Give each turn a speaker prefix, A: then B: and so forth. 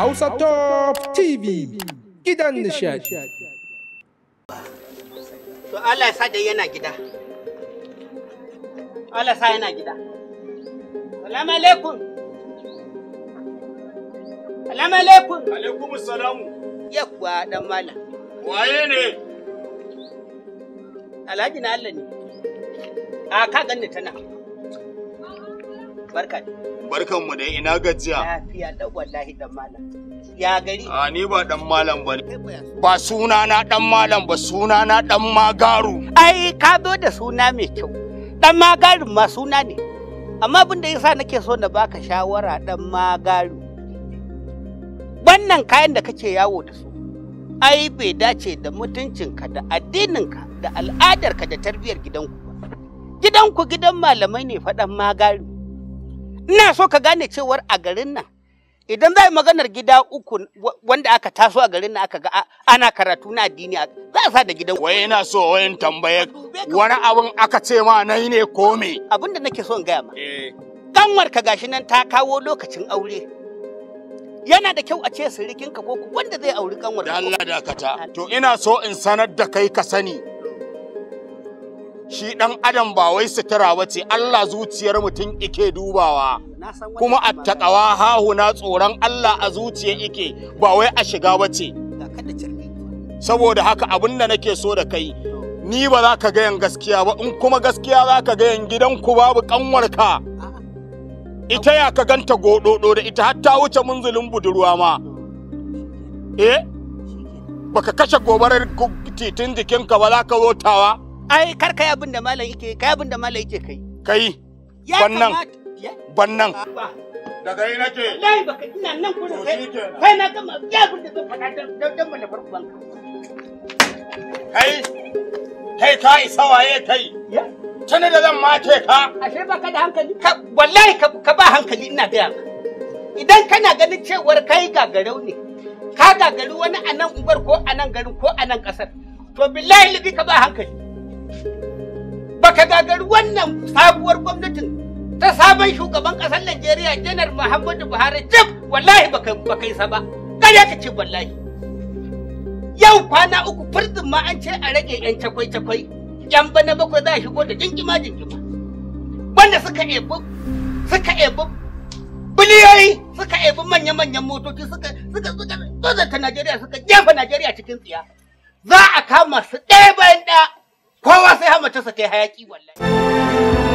A: Hausa Top TV gidan nishadi.
B: To Allah ya sa dai yana gida. Allah sa yana gida. Salamu alaikum. Salamu alaikum. Alaikum salamu. Yawwa dan malam. Waye ne? Alhaji na Allah ne. A ah, ka ganni tana. Barka
A: Barkan mu da ina gajiya.
B: Lafiya wallahi dan malam.
A: Ya gari. A ni ba dan malam bane.
B: Ba suna na dan malam ba suna na dan magaru. Ai ka zo da suna mai kyau. Dan magaru ma suna ne. Amma abin da yasa nake so na baka shawara dan magaru. Wannan kayan da kake yawo da su ai bai dace da mutuncinka da addininka da al'adarka da tarbiyyar gidanku Gidanku gidan malamai ne faɗan magaru. ina so ka gane cewar a garin nan idan za maganar gida uku wanda aka taso a garin nan aka ga ana karatu na addini za a sa da gidan wai ina so wai tambaye wani abin aka ce ma yi ne ko me abin da nake so in gaya ma kanwar eh. ka gashi nan ta kawo lokacin aure yana da kyau a ce sirikin ka ko wanda zai auri kanwar da Allah dakata
A: to ina so in sanar da kai ka sani shi ɗan adam ba wai sutura ba Allah zuciyar mutum ike dubawa kuma a taƙawa hahuna tsoron Allah a zuciya ike ba wai a shiga ba saboda haka abin da nake so da kai ni ba za ka gayan gaskiya ba in kuma gaskiya za ka gayan gidanku babu ƙanwarka ita ya ka ganta gododo da ita har ta wuce munzulin budurwa ma eh baka kashe gobarar titin jikinka ba za ka zo tawa ai kar
B: kai abin da malam yake kai abin da malam yake kai
A: kai bannan bannan
B: daga ina ke wallahi baka ina nan gurin sai kai na gama ya abin da zan faɗa dan dan mana farko banka kai kai ka isa waye kai tana da zan mace ka ashe baka da hankali ka wallahi ka ba hankali ina gaya idan kana ganin cewar kai gagarau ne ka gagari wani anan ubar ko anan garin ko anan kasar to billahi lidi ka ba hankali baka gagari wannan sabuwar gwamnatin ta sabon shugaban ƙasar Najeriya janar Muhammadu Buhari jib wallahi baka baka isa ba kar ka ce wallahi yau kwana uku furdin ma an ce a rage yan cakwai cakwai yan bana bakwai za a shigo da jinkima jinkima wanda suka ebi suka ebi biliyoyi suka ebi manyan manyan motoci suka suka suka ta Najeriya suka jefa Najeriya cikin tsiya za a kama su ɗaya bayan ɗaya kowa sai hama ta yi hayaki wallahi